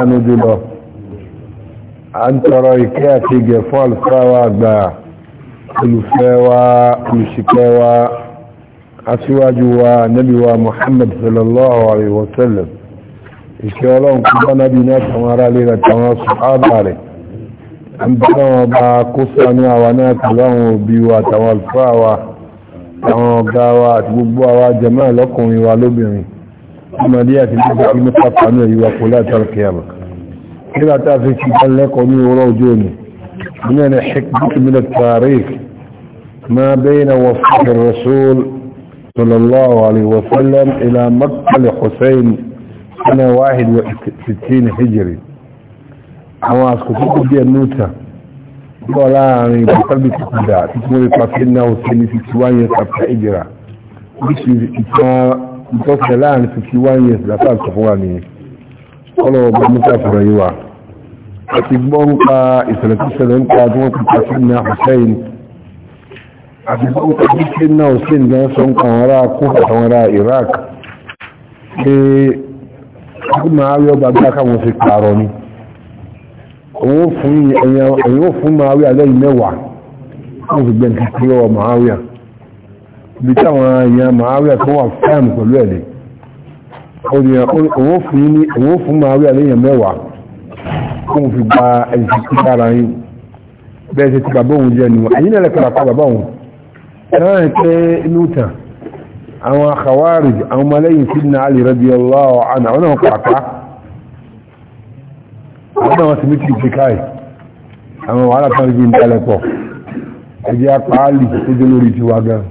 sànú jùlọ a ń tọrọ ìkẹ́ àti ìgẹ̀ fún alùfáwà àgbà olùfẹ́ wa olùṣìkẹ́ wa aṣíwájú wa nábì wa Muhammad sallallahu alaihi wasallam ìṣẹ́ ọlọ́run kú bá nábì náà tàwọn ará lè tàwọn sọ̀hábà rẹ̀ an bá wọn bá kó sánú àwa náà tàwọn òbí wa tàwọn alùfáà wa tàwọn ọ̀gá wa àti gbogbo àwa jàmáà lọ́kùnrin wa lóbìnrin عمليات الإبداع المطلق عنه وقلات القيامة إذا تأفي كتان لقوني وروجوني هنا حكمة من التاريخ ما بين وفاة الرسول صلى الله عليه وسلم إلى مكة لحسين سنة واحد وستين هجري حواس àsìkò دي النوتة ولا يعني bọ́ láàrin ìpàtàbí ti kúdà tí mo rí pàtàkì ìtọ́sẹ̀ láàrin 51 years láti àtọ̀fún wa nìyẹn kọ́lọ̀ ọba mọ́ta fọ̀rọ̀ yíwa àti gbọ́ ń pa ìṣẹ̀lẹ̀ tó ṣẹlẹ̀ ń pa tí wọ́n kò pàṣẹ ní àfẹ́yìn àti gbọ́ ń pa bí ṣe náà ṣe ń dán sọ ń kan ará kó àtàwọn ará Iraq pé kí máa rí ọba bí akáwọn ṣe pààrọ̀ ni òun ó fún máa rí alẹ́ yìí mẹ́wàá wọ́n fi gbẹ̀ǹkì sí máa rí à bí táwọn èèyàn màáwíà tó wà fáìm pẹ̀lú ẹ̀lẹ́ òun fún màáwíà léèyàn mẹ́wàá kóun fi gba ẹ̀sìn tí kára yín bẹ́ẹ̀ ṣe ti bàbá òun jẹ́ nu àyín náà lẹ́kọ̀ọ́ òun náà pé inú àwọn àkàwárì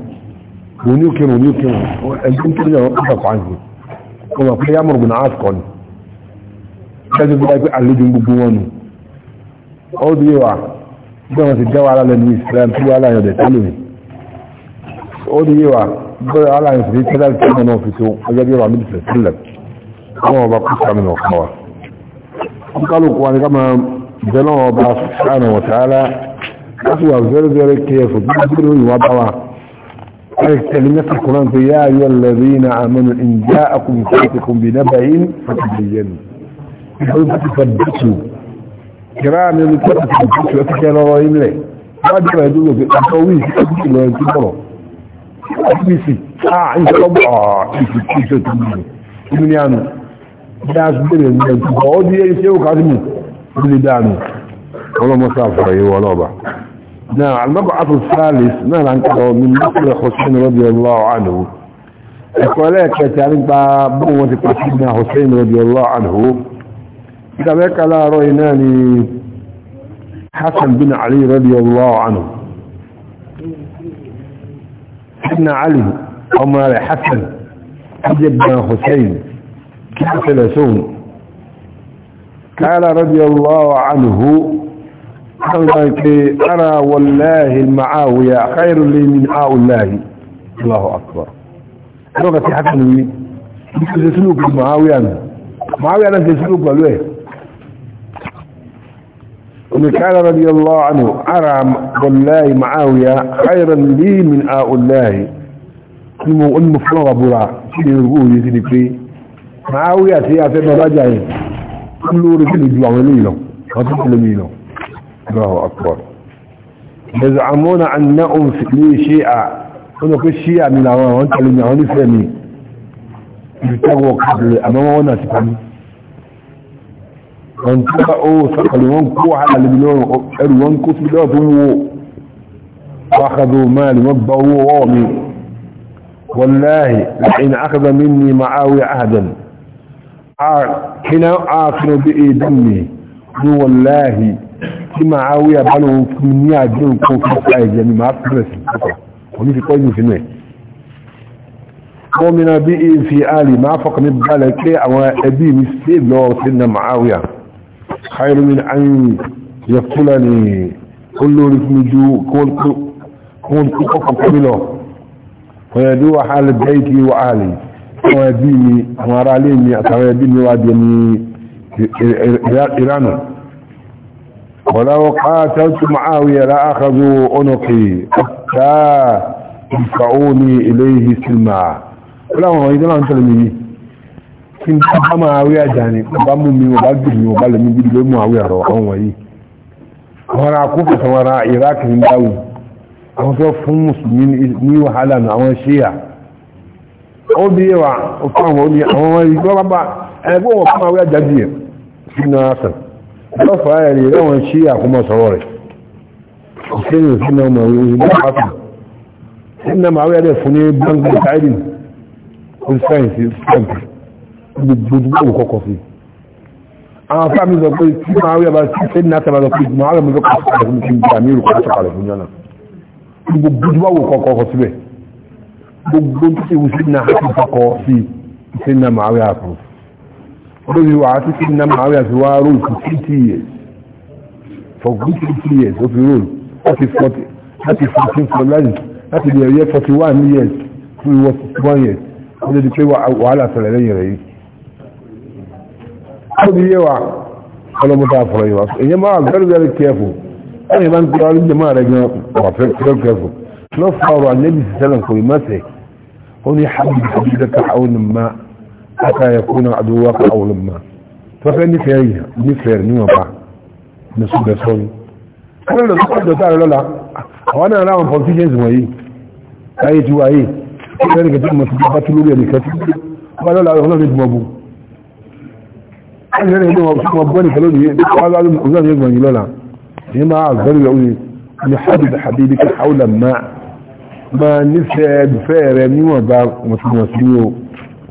وني كيرو وني كيرو انتم كده وقفوا عنه كما في يامر بن عاص كون كذا بيقول لك علي جنب بوان او ديوا ده ما تجوا على الاسلام في على يد تعلمي او ديوا على يسري كده كده نو في سوق اجا بيرو عم بيتسلم هو بقص من وقفوا قالوا كوان كما جلوا الله سبحانه وتعالى أسوأ very very careful. Don't do what I want. كلمة القرآن يا أيها الذين آمنوا إن جاءكم فاتكم بنبأ فتبينوا يقولون فتثبتوا كرام يقولون فتثبتوا فكان رأيهم لي ما جرى في فتثبتوا فتثبتوا لو ينتظروا فتثبتوا آه إن شاء الله فتثبتوا من يعني ناس بين الناس بقعود يسيوك عزمي اللي ولا مسافر أيوة ولا نعم المبعث الثالث ما كده من مصر حسين رضي الله عنه إخوالك تعلم بقوة قصيدنا حسين رضي الله عنه كذلك لا رأيناني حسن بن علي رضي الله عنه سيدنا علي عمر حسن حجب بن حسين كيف لسون قال رضي الله عنه أنا والله المعاوية خير لي من آو الله الله أكبر لغة حتى نمي مثل سلوك المعاوية معاوية أنا في سلوك بلوه ومن كان رضي الله عنه أرى والله معاوية خيرا لي من آو الله المفلغة برا سيدي يقول يسيدي في معاوية سيئة في مراجعين كل رسل يجوع وليلهم وتسلمينهم الله أكبر يزعمون أنهم لي شيعة هناك الشيعة من العوام وانت لن يعوني فهمي يتقوى قبل أمامه وناس فهمي وانتقعوا ثقلون كوحة لبنون أروان كسلاتهم واخذوا مال وابعوا وامي والله لحين أخذ مني معاوي عهدا آه، حين آخر آه، بإيدني دمي والله tí máa á wí àbálò fún ní àdéhùn kan fún ọ̀pá ẹ̀jẹ̀ mi máa fẹ́rẹ̀ sí púpọ̀ òní ti pọ́jù sínú ẹ̀ wọ́n mi náà bí i fi àlè máa fọkàn mi balẹ̀ pé àwọn ẹbí mi sí lọ sí na ma'áwíà khairu min an yaqula ni olórí fún mi ju kún taa a eea a lea lọ́fà ẹ̀rì rẹ̀wọ̀n sí àkúmọ̀ sọ̀rọ̀ rẹ̀ ìṣẹ́yìn sínú ọmọ ìwé ní pàtàkì nínú àmà àwẹ́ rẹ̀ fún ní bank of tiding on science stamp gbogbo kọ́kọ́ sí àwọn fáàmì sọ pé tí máa wẹ́ bá sí sẹ́ni náà sábàá pé máa wẹ́ mọ́tò kọ́kọ́ sí fún ìgbà mí rò kọ́kọ́ sọ̀kalẹ̀ fún yánà gbogbo kọ́kọ́ síbẹ̀ gbogbo tí ìwúsí náà kọ́kọ́ sí sẹ́ni náà máa wẹ́ lórí wà á ti kí nínú àwọn àti wá rúùlù fún fifty years for good fifty years ó fi rúùlù láti forty láti fourteen for nine láti lè yẹ forty one years fún ìwọ forty one years ó lè di pé wàhálà ṣẹlẹ̀ lẹ́yìn rẹ̀ yìí. ó di yé wa ọlọ́mọdé àfọ̀rọ̀ yìí wá èyí máa very very careful ẹ̀yìn máa ń tọ́ ọdún jẹ́ máa rẹ̀ gan wà very careful lọ́fọ̀ọ́rọ̀ àlẹ́bí sísẹ́lẹ̀ kò ì má sẹ̀ ó ní hábìbì hábìbì dẹ́ka àwọn ènìyàn máa حتى يكون عدوك أو لما ففأني فيها نفير نيوة بقى نسوك يسوي أنا لو تقول تعالى لولا وأنا لا من فوتيجنز وهي أي جوائي كان كتير ما تبقى لوريا لكتير وأنا لا أغلق نجمبو أنا هنا مبوني كلوني وأنا أغلق نجمبو لولا هنا أغلق يقول نحبب حبيبك حول ما ما نفسي بفير نيوة بقى ومسلم وسليو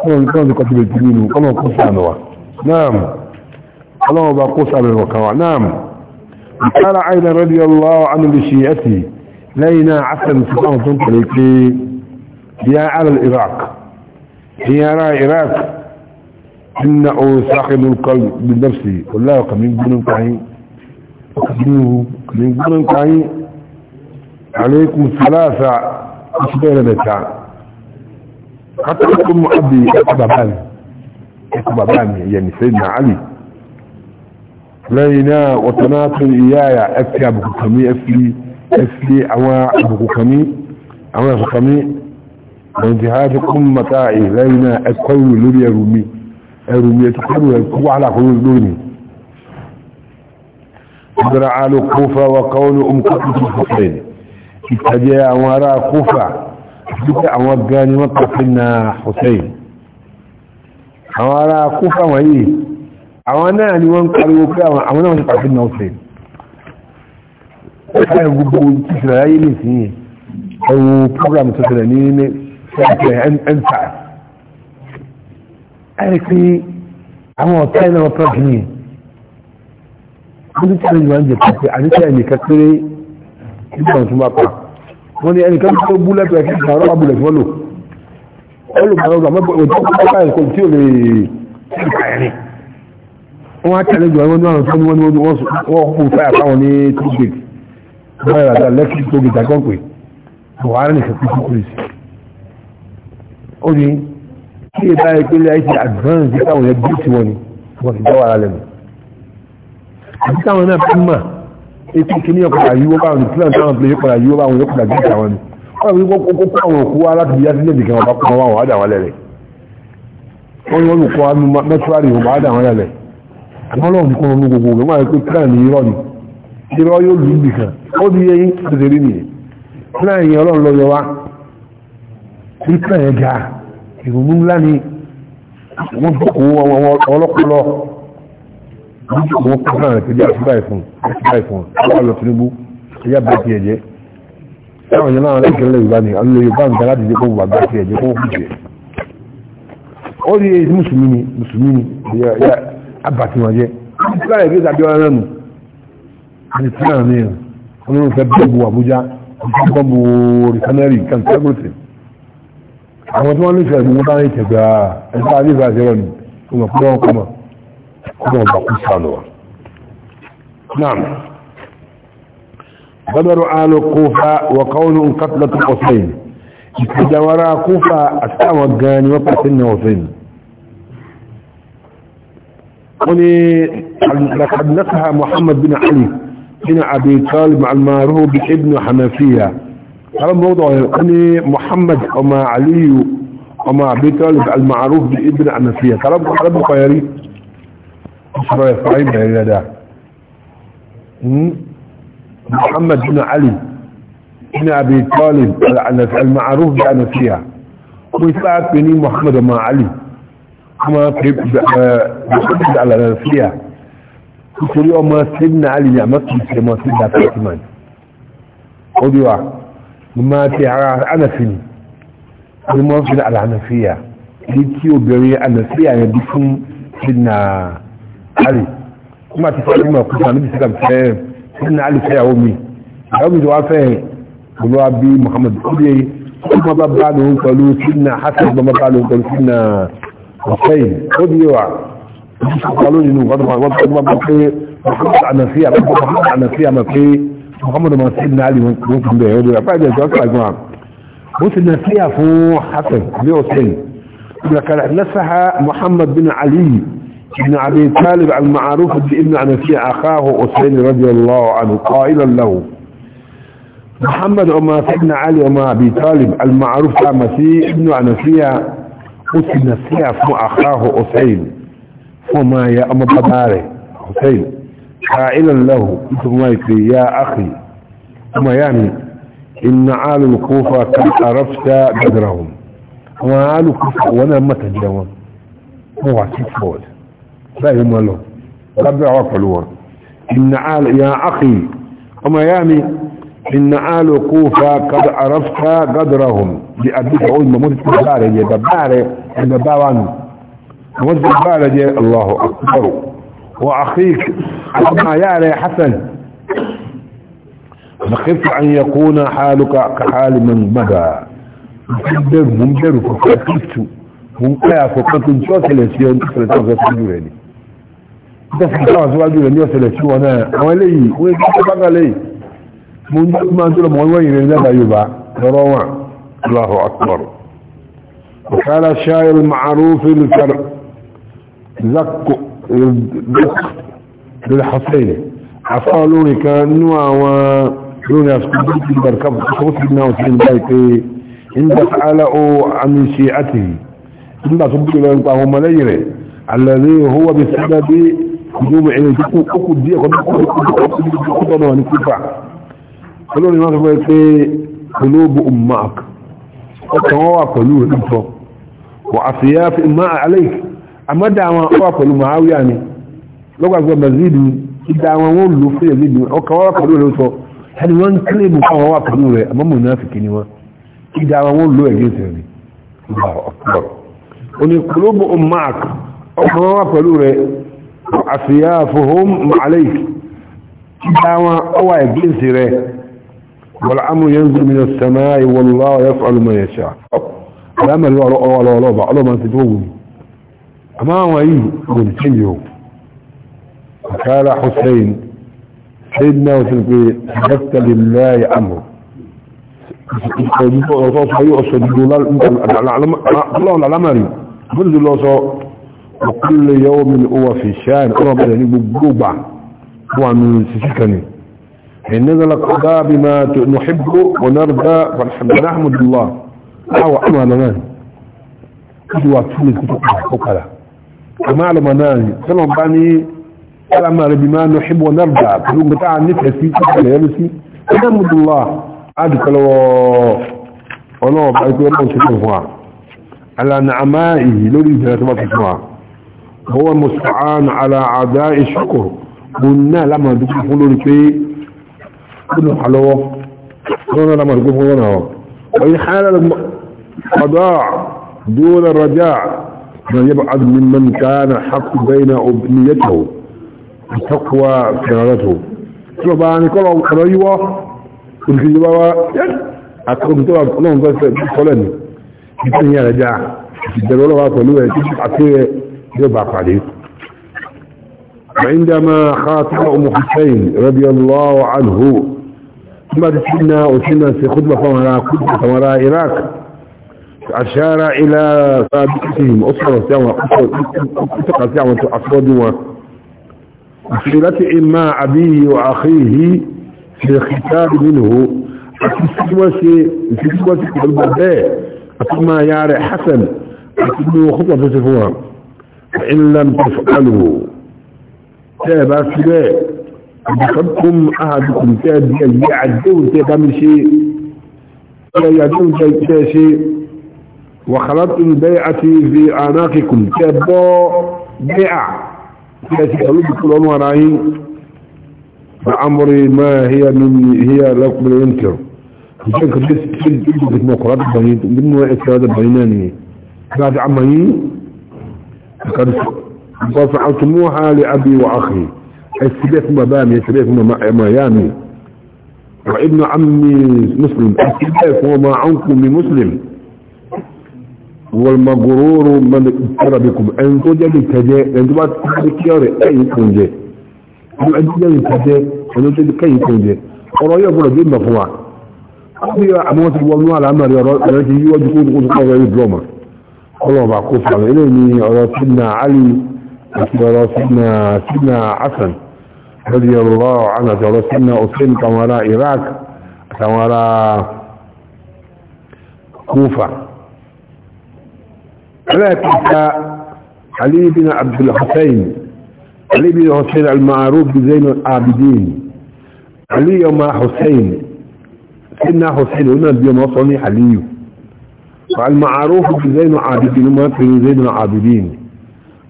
kọ́lọ̀ nǹkan ti kọ́tí bẹ̀tì nínú kọ́lọ̀ kó sàánù wa náàm kọ́lọ̀ bá kó sàánù wa kan wa náàm ìkára àìdá radiyallahu anhu bi shi'ati lẹ́yìn náà asan ti fáwọn tó ń pẹ̀lẹ́ pé ya alal iraq ya ra iraq inna o sàkínú kọl bí nafsi wallahi kàmí gbónin kayi kàmí gbónin kayi alaikum salasa asibẹ̀rẹ̀ da ta خطأكم أبي أبابان أبابان يعني سيدنا علي لينا وتناطر إيايا أفلي أبو كمي أفلي أفلي أوا أبو كمي أوا أبو من جهاتكم متاعي لينا أكوي لوري رومي رومي تقروا يكوا على قلوب لوري ودرع على الكوفة وقول أم الحسين اتجاه وراء كوفة dúkẹ́ àwọn gan ni wọ́n pàtí na Hussein àwọn ará kúfà wọ̀nyí àwọn náà ni wọ́n pariwo pé àwọn náà wọ́n pàtí na Hussein ẹ̀kọ́ gbogbo ìṣẹ̀lẹ̀ ayé lè sí yìí ẹ̀wọ̀ program tó ní ní ṣẹ́ẹ̀kẹ́ ẹ̀ńtà ẹ̀rí pé àwọn ọ̀tá iná wọn pẹ̀lú ọdún tí wọ́n jẹ́ pàtí àdíkẹ́ ẹ̀mí kẹ́kẹ́rẹ́ nígbà tó bá pàtó wọ́n ní ẹnìkan tó bú lẹ́pẹ̀ẹ́ kí ìgbà ọlọ́pàá bulẹ̀ fọ́lò olùgbàlọ́gbà mẹ́pọ̀ òjò pápá ẹ̀kọ́ tí ò lè ṣèkà ẹ̀rin wọ́n á tẹ̀lé jọ wọ́n ní àwọn tó ní wọ́n ní wọ́n kú fáyà fáwọn ní tógèt wọ́n yàrá dá lẹ́kì tógèt àgọ́pẹ́ buhari nìkan kú sí kúrìsì ó ní kí ẹ bá ìpínlẹ̀ àìsí advance táwọn yẹn gbé tí wọ́n ní wọ́n ti dáwọ́ ara lẹ́nu àti táwọn náà fi mà ètò kìíní ọ̀padà yíwọ́ báwọn nìkan táwọn pèlè ọ̀padà yíwọ́ báwọn yóò padà gbé àwọn ni wọ́n rí kókó àwọn òkú wa láti yá sílẹ̀ nìkan ọba kọ́ wọn wàdà wọn lẹ́rẹ̀ wọ́n yọ olùkọ́ wa mẹ́túrárì wọn wàdà wọn lẹ́rẹ̀ àwọn ọlọ́run nìkan ọmọ gbogbo rẹ̀ wọ́n pé plan irọ́ ni irọ́ yóò lù ú nìkan ó di eyín àtẹ̀rí nìyẹn plan yẹn ọlọ́run lọ yọ wa bí plan yẹn ga ìrònú ńlá ni wọ́n gbọ́kọ̀ ọlọ́pọ̀lọ́ wọ́n kọ́ fún àwọn ìpínlẹ̀ àtúbà ìfún àtúbà ìfún ọlọ́ Tinubu ẹ̀yà bá ti ẹ̀jẹ̀ táwọn yẹn náà lẹ́kẹ̀ẹ́ lẹ́yìn Yorùbá ni alẹ́ Yorùbá nǹkan láti jẹ́ kó wà bá ti ẹ̀jẹ̀ kó kú jẹ́ ó rí èyí mùsùlùmí ni mùsùlùmí ni ẹ̀yà abàtì wọn jẹ́ láì rí ìdájọ́ ara nù àti tí náà nìyẹn olórí fẹ́ bọ́ọ̀bù Àbújá bọ́ọ̀bù rìsánẹ́rì kàǹtẹ́gùtì àwọn tí wọ́n nífẹ̀ẹ́ gbogbo bá ń tẹ̀gbà ẹ̀ نعم بدر آل كوفة وقول قتلة حسين وراء كوفة أستعمد الجاني وقتلنا حسين قولي لقد نفها محمد بن علي بن أبي طالب المعروف بابن حنفية هذا موضوع قولي محمد وما علي وما أبي طالب المعروف بابن حنفية كلام كلام خيري أشرى يفعيم إلى ذا محمد بن علي بن أبي طالب المعروف بأنه فيها ويساعد بني محمد مع علي كما يحدد آه، على نفسية يقول يوم ما سيدنا علي نعمت بسي ما سيدنا فاتمان قدوا ما تعرى عنفين المعرفين على عنفية يتيو بري عنفية يدفن سيدنا ali kuma ti fari ma kusa níbi síkà fẹ́ sínú ali fẹ́ àwọn mi ìyàwó mi tó wá fẹ́ olúwa bí muhammad ọdẹ kuma bá bá lòun pẹ̀lú sínú hasan bá bá lòun pẹ̀lú sínú ọ̀fẹ́yìn ó di wa ìṣàkọlù nínú wọn bá bá pé muhammad anafiya bá muhammad anafiya ma pé muhammad ma sí ní ali wọn kún bẹ́ẹ̀ ó di wa pàjẹ́ ìjọ kàlà gan mo ti nafiya fún hasan bí ọ̀sẹ̀ yìí ìgbàkàlà nasaha muhammad bin ali ابن أبي طالب المعروف بابن عنفية أخاه أسين رضي الله عنه قائلا له محمد وما سيدنا علي وما أبي طالب المعروف كمسيح ابن عنفية أسين فيها فم أخاه أسين وما يا أم بداره أسين قائلا له يا أخي وما يعني إن آل الكوفة قد عرفت بدرهم وآل الكوفة وانا متجاوز هو عسيس فوز فاهم له رب عقلور إن عال يا أخي أما يامي إن عال كوفة قد عرفت قدرهم لأبيك أقول مموت الدبارة دبارة الدبارة مموت الدبارة الله أكبر وأخيك أما يا حسن نخف أن يكون حالك كحال من مدى ممدر ممدر فكرت ممكن فكرت شوك الاسيان تفلتان في السجورة dẹ́sùn táwọn síwájú rẹ̀ ní ọ̀sẹ̀lẹ̀ sí wọn náà àwọn eléyìí wọ́n ti tó bákan lẹ́yìn mo ń dúró máa ń dúró mọ́ wọ́n yìí lẹ́bàá yorùbá lọ́rọ́ wọn Allahu akbar وقال الشاعر المعروف الكرم زق للحسين عصا لوني كان نوع و لوني اسكبت المركب صوت ابن وسين بايك ان تسألوا عن شيعته ان تصبت لهم الذي هو بسبب gbogbo ẹ̀yìn tó kú ó kù díẹ̀ kọ́dọ̀ náà ní kúfà olórin wọn fẹ́ pé olóògbò umark ọkàn wọ́n wà pẹ̀lú ìtọ́ wọ́n àfihà fi ma àlẹ́ àmọ́dá wọn wà pẹ̀lú mahawiya ni lọ́gbàgbọ́ mazid ìdá wọn wọ́n lò fún yazid ọkàn wọ́n wà pẹ̀lú rẹ̀ sọ ẹni wọ́n ń kílè mú káwọn wà pẹ̀lú rẹ̀ àmọ́ mọ̀ náà fi kí ni wọn ìdá wọn lò ẹ̀gẹ́ sẹ̀ أسيافهم عليك دعوة أو إبليس له والأمر ينزل من السماء والله يفعل ما يشاء لما لو لو لو لو لو ما تتوب أما هو إيه قلت قال حسين سيدنا وسلمي سجدت لله أمر الله الأمر قل الله وكل يوم هو في شان رب يعني بجوبة هو من سيكني حين نزل قضاء بما نحب ونرضى والحمد نحمد الله أو أمال ناني كدوا تولي كتب حقلا أمال ناني سلام باني الأمال بما نحب ونرضى كدوا بتاع نفسي كتب يلسي نحمد الله أدك لو ولو بعيد ولو سيكون على نعمائه لو جنة ما تسمعه هو مستعان على عداء الشكر قلنا لما دخلوا في كل حلوه قلنا لما تقولوا لنا وإن حال القضاء دون الرجاء من يبعد ممن كان حق بين أبنيته وتقوى كرارته طبعا كل رأيوة والكجبة أكرم طبعا كلهم قلت لهم قلت لهم قلت لهم قلت لهم لهم لهم يبع عليه عندما خاتم أم حسين رضي الله عنه ثم تسلنا وسلنا في خطبة فمراء خدمة فمراء إراك أشار إلى صادقتهم أسرة سيامة أسرة سيامة أسرة وصلة إما أبيه وأخيه في الختاب منه أتسوى أتسوى أتسوى أتسوى ياري حسن أتسوى خطبة تسفوها فإن لم تفعلوا تابع فلا بخبكم أحدكم تابع يعدون تابع من شيء ولا يعدون تابع شيء وخلطت البيعة في آناقكم تابع بيعة تابع لكم ونرعين فأمري ما هي من هي لكم الانكر لذلك بس تجد في المقرات بنيت من وقت هذا بيناني هذا عمين قد فعلتموها لأبي وأخي السبيت مبامي السبيت ميامي وابن عمي مسلم السبيت وما عنكم من مسلم والمغرور من اكتر بكم ان توجد التجاء ان تبقى تكياري اي يكون ان توجد التجاء ان توجد كي يكون جاء ورأي يقول جيب مفوع أبي أموت الوضوع العمل يا رجل يوجد كون كون كون قلوا معقوف على إليني على سيدنا علي على سيدنا حسن رضي الله عنه على سيدنا أسين كمارا إراك كمارا كوفة على علي بن عبد الحسين علي بن حسين المعروف بزين العابدين علي وما حسين سيدنا حسين هنا بيوم وصلني حليه فالمعروف زين العابدين ما في زين العابدين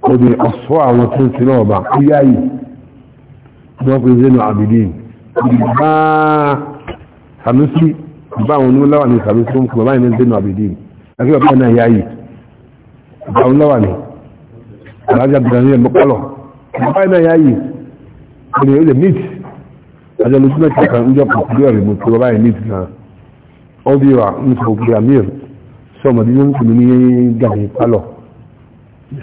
ودي أصفاء وتنسلوبة إياي ما في زين العابدين ما خمسي ba wani lawa ne sami sun kuma ba ne zai abidin a kai ba na yayi ba wani lawa ne alhaji abdulani da makwalo ba na yayi ba ne da mit a jalusu na kakan inda kusuriyar mutu ba ya mit na obiwa in sau kira mil sọ ọmọdé ló ń pè ní gàdé pálọ̀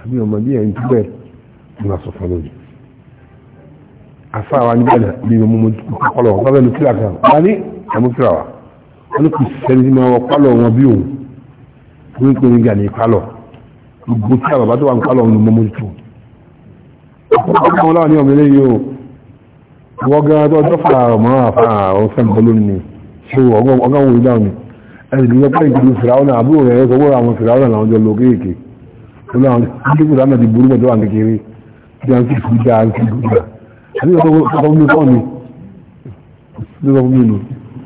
àbí ọmọdé ẹ̀ ń tú ní wàá sọ fún lónìí afa wa ní bẹ́ẹ̀ bí mo mú pálọ̀ wọn bẹ́ẹ̀ ní kíra kan wá ní àmú kíra wa wọn ní kò sẹ́ni tí máa wọ pálọ̀ wọn bí òun ló ń pè ní gàdé pálọ̀ gbogbo tí a bàbá tó wà ní pálọ̀ ní mo mú tó ọ̀pọ̀lọpọ̀ àwọn láwọn ní ọmọ ilé o wọ́n gan ẹ̀rìndínlẹ́ pẹ́ ìjọba fìràwọ́nà àbúrò rẹ̀ sọ wọ́n àwọn fìràwọ́nà làwọn jọ lọ kéèké lọ́nà àwọn akẹ́kọ̀ọ́ náà ti burú mọ́tò wà kékeré bí a ń fi kúta a ń fi kúta àti ìjọba kọ́kọ́ mi fọ́ mi ló sọ fún mi nù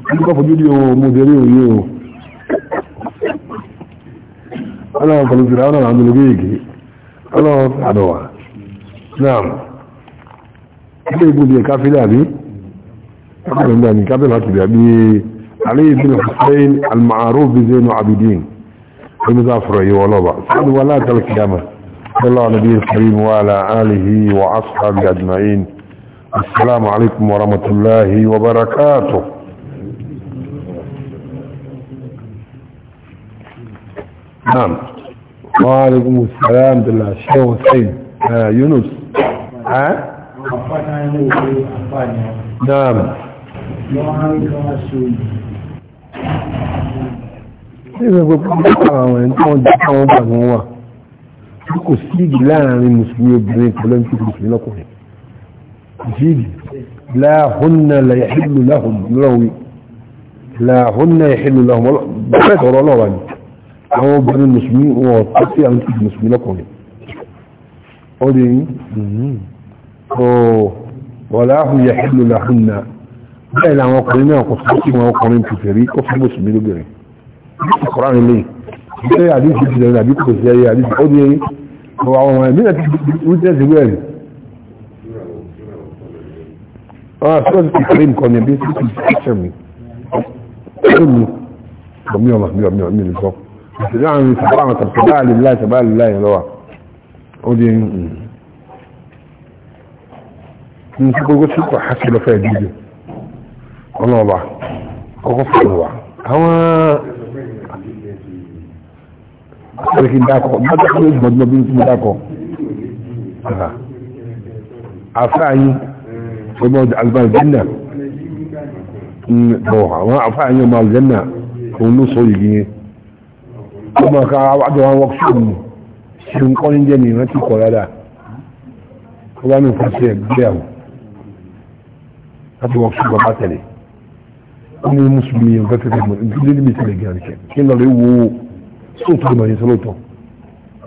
àti kọ́ fojú di o mo délé òye o ọ̀nà àwọn kọ̀lù fìràwọ́nà làwọn jọ lọ kéèké ọ̀nà àdọ̀wà náà ilé ìgbòdì ẹ̀ka fílẹ̀ àbí ẹ̀ka fílẹ̀ àbí علي بن حسين المعروف بزين العابدين المزافر ايوه لوبا سعد ولا القيامة صلى الله نبي الكريم وعلى آله وأصحابه أجمعين السلام عليكم ورحمة الله وبركاته نعم وعليكم السلام بالله الشيخ حسين يونس ها نعم ṣíṣe gbogbo àwọn àwọn ẹni tí wọ́n jẹ́ káwọn bà ní wọ́n wà tí kò sí ìdí láàrin mùsùlùmí obìnrin pẹ̀lú ẹni tí kò sí lọ́kùnrin jíìdì láhùnà lẹ́yìnlú láhùn lọ́wọ́ láhùnà yẹ̀hìnlú láhùn bẹ́ẹ̀ tọ̀rọ̀ lọ́wọ́ ni àwọn obìnrin mùsùlùmí wọn tó sí àwọn tí mùsùlùmí lọ́kùnrin ó lè yín wọ́n láhùn yẹ̀hìnlú láhùn náà bẹ́ẹ̀ làwọn ọkùnrin náà kò sí wọn ọkùnrin kò fẹ̀rí kó fún mùsùlùmí lóbìnrin Quran ilé ṣe àdíṣì ti lẹ́rin àbí kò sí ẹyẹ àdíṣì ó ní ọwọ́ àwọn ọmọ ẹ̀mí àti wíṣẹ́sì wẹ́ẹ̀rì wọ́n á sọ́ọ́ ti kéré nǹkan ní ẹbí sí ti ṣiṣẹ́ mi ó ní ọmọ ọmọ mi ọmọ mi nìkan ìṣẹ̀lẹ̀ àwọn ìṣẹ̀lẹ̀ àwọn tàbí láàlì láì tàbí láàlì láì lọ́wà ó hmm. ní nǹkan gbogbo tí kò há sí lọ́fẹ̀ẹ́ dídì ọlọ́ọ̀bà kọ́kọ́ fún wa àwọn kí n dákọ̀ mọ́tò kí ló gbọ́dọ̀ bí mo dákọ̀ àfáàyín ọmọ alìbàjẹ́nà mm, bọ̀ àwọn àfáàyín ọmọ alìbàjẹ́nà òun ló sọ yìí yẹn ọmọ ká àjọ àwọn wọ́kṣọ́ọ̀bù ṣe ń kọ́ ní jẹ́ ní ìrántí kọ̀ rárá ó bá mi fọ́sí ẹgbẹ́ àwọn láti wọ́kṣọ́ọ̀bù bá tẹ̀lé ó ní mùsùlùmí ọ̀gá tẹ̀lé mọ̀ nítorí tẹ̀lé gẹ̀rẹ̀ kí n wo tó tó mọ̀ ní sọ́lọ́tọ̀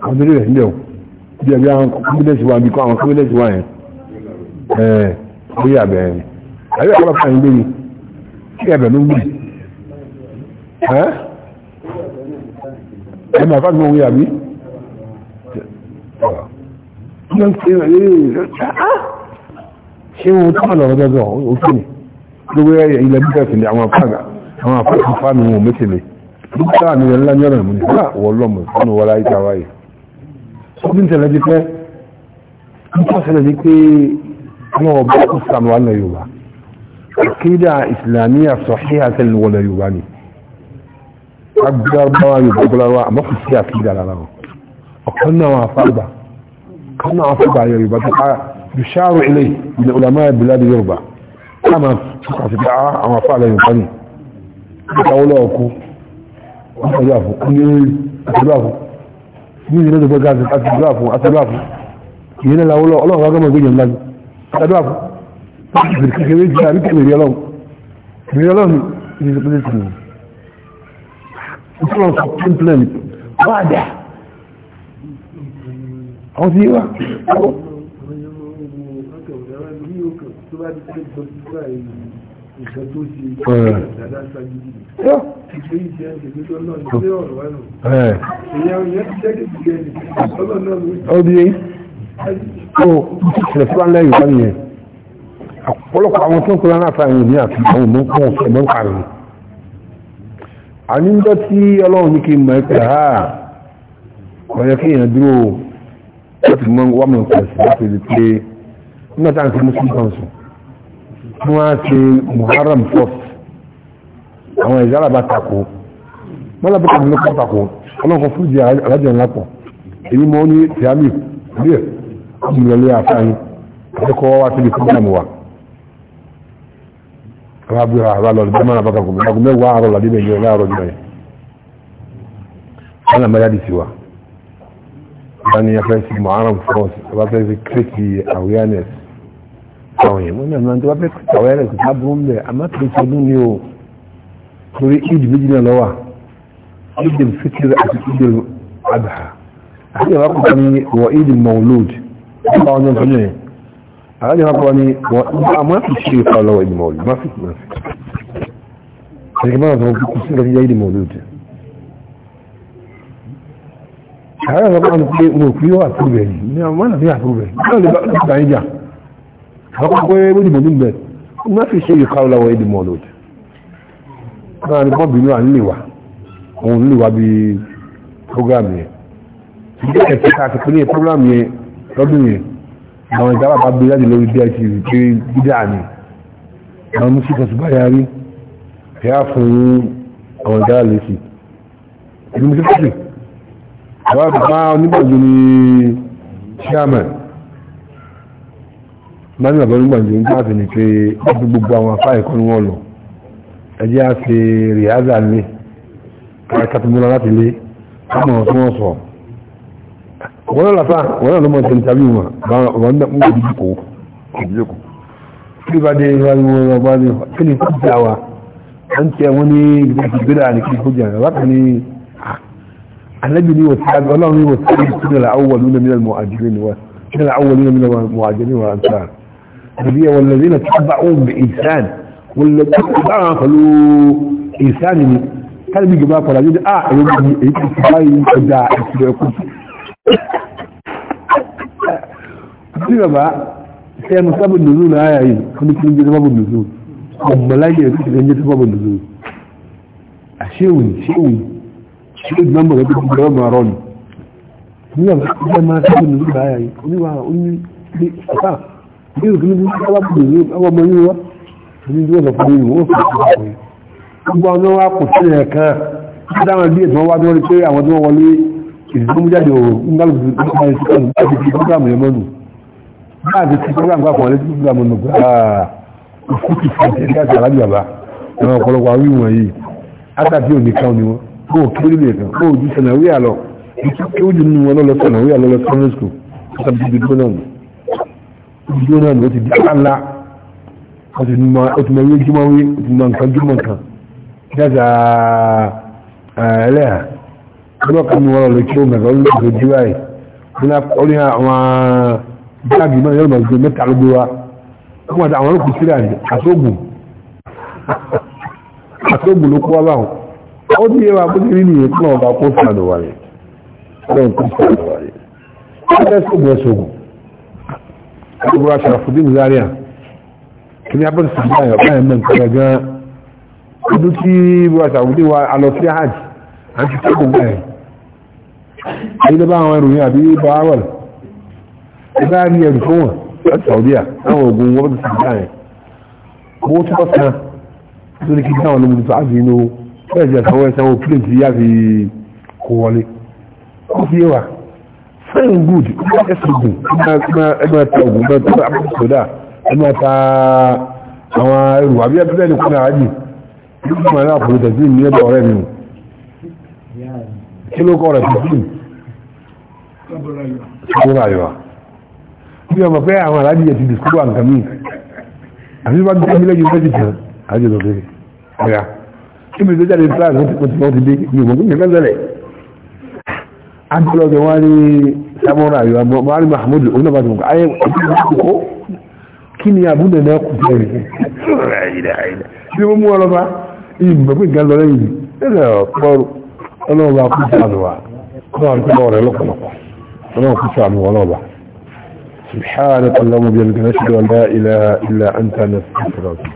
àwọn ilé rẹ̀ nílẹ̀ o bí ẹgbẹ́ àwọn kọ́mílẹ̀sì wa bí kọ́ àwọn kọ́mílẹ̀sì wa yẹn ẹ̀ ó yà bẹ̀rẹ̀ ni àbí àkọ́lọ́pàá yìí léyìn kí ẹ̀bẹ̀ ló ń gbì ẹ́ ẹ̀ máa fásitì wọn wí àbí ṣé wọn tó wà lọ́rọ́ dọ́dọ̀ ó fún mi gbogbo ilẹ̀ bí fẹ́ẹ̀sì ni àwọn àfáàgà àwọn àfáàgà fáàmì wọn mẹ́tẹ̀lẹ̀ dókítà mi rẹ̀ ńlá yọ̀rọ̀ ìmúni fúlà wọ́lọ́mù nínú wọlá ìta wáyé ọdún ìtẹ̀lẹ̀ ti pẹ́ nípa ṣẹlẹ̀ ní pé wọn ọba kò sàmù wà lẹ̀ yorùbá akéda ìsìlámì àsọ̀hí àtẹ̀lẹ̀ wọlẹ̀ yorùbá ni agbára yorùbá gbọ́lára àmọ́ kò sí àkéda lára wọn ọ̀kan náà afágbà kan náà afágbà yorùbá tó ká yùṣàrù ilé ilẹ̀ ọ̀làmọ́ ìbílẹ̀ yorùbá káàmà tó àwọn afáàlẹ̀ yorùbá ni ìtawọ́lọ́ ọkú asọ́gbàfù ní asọ́gbàfù ní ìrìnà tó gbọ́gá àti asọ́gbàfù asọ́gbàfù ìyẹn náà làwọn ọlọ́run agbọ́mọ̀ gbé yẹn lágbó asọ́gbàfù kékeré jẹ́ àrí kẹlẹ̀ rí àwọn tí wà nǹkan tó ṣe dada sagidi ìgbé ìjẹ ìgbésọ náà ní ilé ọ̀pọ̀lọpọ̀ àwọn tó ń kó lánàá fún àwọn àti àwọn òmò ń kó wọn ẹ̀mọ́ ń parí. tí ọlọ́run ní kí mọ̀ ẹ́ pé ọ̀yẹ́ kí èèyàn dúró láti mọ́ wọ́n mọ̀ pẹ̀sì láti rí pé nígbà táwọn ti mú sí ìbọn wọ́n ṣe muharram first àwọn ìjára bá takò wọ́n lábẹ́ kàmí ló kọ́ takò ọlọ́kan fún ìdí alájọ ńlá pọ̀ èyí mọ́ ní tìámì díẹ̀ ọmọlẹ́lẹ́ àfáàyí akẹ́kọ̀ọ́ wá síbi fún ìdàmù wa alábúra àrà lọ bí mọ́nà bàtà kùnú lágùn mẹ́wàá àrọ̀ làdí bẹ̀yẹ láàrọ̀ jùlọ yẹn wọ́n làmọ́ yádi sí wa wọ́n ní afẹ́ sí muharram first wọ́n fẹ́ sí create awareness àwọn yẹn wọ́n ní àwọn tó bá fẹ́ kàwé rẹ̀ kò sábà ń bẹ̀ àmọ́ kì í sọdún ni o torí ìdí méjì náà lọ́wọ́ ìdí fitiri àti ìdí adha àti ìwà kúta ní wọ ìdí mawlud nípa ọjọ́ ìtọ́jú yẹn àwọn ìwà kúta ní wọ àmọ́ kì í ṣe ìfà lọ́wọ́ ìdí mawlud má fi kúrò sí ẹ̀rọ máa sọ fún kùsùn lọ́wọ́ ìdí mawlud àwọn ìwà kúta pé mo fi wà àtúbẹ̀ yìí ní àwọn àkọ́kọ́ wọ́n dìbò nígbẹ̀ wọ́n fi ṣe ìka ọlọ́wọ́ èdè mọ́lòdì náà ni wọ́n bínú à ń lè wà òun ń lè wà bí program yẹn ìdí ẹ̀sẹ̀ ká ti pínlẹ̀ program yẹn lọ́dún yẹn àwọn ìjọba bá gbé jáde lórí DITV pé dídá ni àwọn mùsùlùmí tó bá yarí ẹ̀ á fún àwọn ìjọba lẹ́sì ìlú mùsùlùmí àwọn àgbà onígbàgbọ́ ni chairman mami àbọ̀lúgbàjò ń káàfin ní pé ọdún gbogbo àwọn afá ẹ̀kọ́ ni wọ́n lọ ẹjẹ́ á fi rìházà lé kàtàkùnmọ́lá láti lé káàmọ̀ tí wọ́n sọ wọ́n lọ́fà wọ́n lọ́mọ tẹ̀ tàbí wọn wọ́n dẹ̀ mú ìdíkò ìdíkò kí bá dé ìwádìí wọn lọ bá dé kí ni kúkú àwa ń tẹ wọn ní ìgbéra ní kí kúkú àwa láti ní anábì ní wọ́n ọlọ́run ní wọ́n tẹ́lẹ̀ sílẹ̀ àwọn olùdómìnà mọ̀ àjẹmí wọn sílẹ̀ àwọn olùdómìnà mọ̀ àjẹmí wọn àǹtàrà النبي والذين تبعوهم بإنسان والذين تبعوهم قالوا إنسان كان بيجي بقى قال يقول اه يقول باي دا يقول كده بقى هي مسبب النزول هاي هي كنت تيجي سبب النزول هم لا يجي تيجي سبب النزول شيوي شيوي شيوي نمبر ده بيجي ما رون هي ما سبب النزول هاي هي قولي بقى قولي nínú kí ní alábùdó ní ọmọ yìí wá ní ìjọ ìjọba ní ìwọ̀n fún ìjọba yìí gbogbo àwọn wa kò sílẹ̀ kan dáwọn bí ètò wá lórí pé àwọn tí wọ́n wọlé ìdíjọ́mújáde òòrùn ńgbàlùfù tó lẹ́tí program nù kú ti fi ẹ̀rí àti alábìyàbá àwọn ọ̀pọ̀lọpọ̀ àwọn yìí átàkì òní ni wọ́n kó o kéré lè kan kó o ju sẹ̀nàwíà lọ kí nínú wọn lọ́lọ́sọ̀nàwíà lọ́lọ́sọ̀nà ìjọ náà ló ti di àlá ó ti mọ ewé jímọ̀wé ó ti mọ nǹkan jímọ̀ nǹkan dáadáa ẹlẹ́yà ọlọ́ọ̀kan ni wọ́n lọ kí ó mẹ̀gà olóògbé tó dé báyìí ó ní àwọn báàgì mẹ́rin yóò mọ̀ mẹ́ta ló gbé wa ó wà àwọn olókùn sílẹ̀ àtọ́gùn àtọ́gùn ló kó wá báwọn ó ní ẹwà bó ti rí nìyẹn kí wọ́n bá kó sàdọ̀wà rẹ̀ ọlọ́run kó sàdọ̀wà rẹ̀ ó fẹ́ sógun ẹ̀sọ́gùn abubuwa sharafudin zaria kini abin su bayan bayan nan kada ga kudu ti buwa sharafudin wa alọsí hajj an ti tabin bayan ayi da bayan wani abi bawal ita ni ya rufin wa a saudiya an ogun wani su bayan ko ta fasa su ne kika wani mutu a zino kawai jasa wani sanwo filin ya fi kowale ko fi sẹ́yìn good ẹ̀sìn gùn ẹgbẹ́ ta ogun ẹgbẹ́ ta àbúrò sódà ẹgbẹ́ ta àwọn ẹrù àbí ẹgbẹ́ ní kúnlẹ̀ àájì ní kúnlẹ̀ aláàfòrò tẹ̀sí ní ẹgbẹ́ ọ̀rẹ́ mi kí ló kọ́ rẹ̀ fi jù ṣàbúrò àyọ̀wà bí ọmọ pé àwọn aláàjì yẹn ti dìskúrò àǹkan mi àbí bá ti tẹ́lẹ̀ yóò fẹ́jì tán àjọ lọ fẹ́ ọ̀yà kí mi tó jáde fúlàní wọ́n ti dé mi ò mọ̀ kí mi kẹ́ samun rayuwa mari mahmudu wani ba su ayin ko kini abu da na ku fere ṣe mu wọ́n lọ́ba yìí bàbá ìgbà lọ́rẹ́ yìí ẹ̀rẹ̀ pọ́rù ọlọ́ọ̀bá kú sàánúwà ọlọ́ọ̀bá kú sàánúwà lọ́pọ̀lọpọ̀ ọlọ́ọ̀bá kú sàánúwà ọlọ́ọ̀bá سبحانك اللهم وبحمدك نشهد ان لا اله الا انت نستغفرك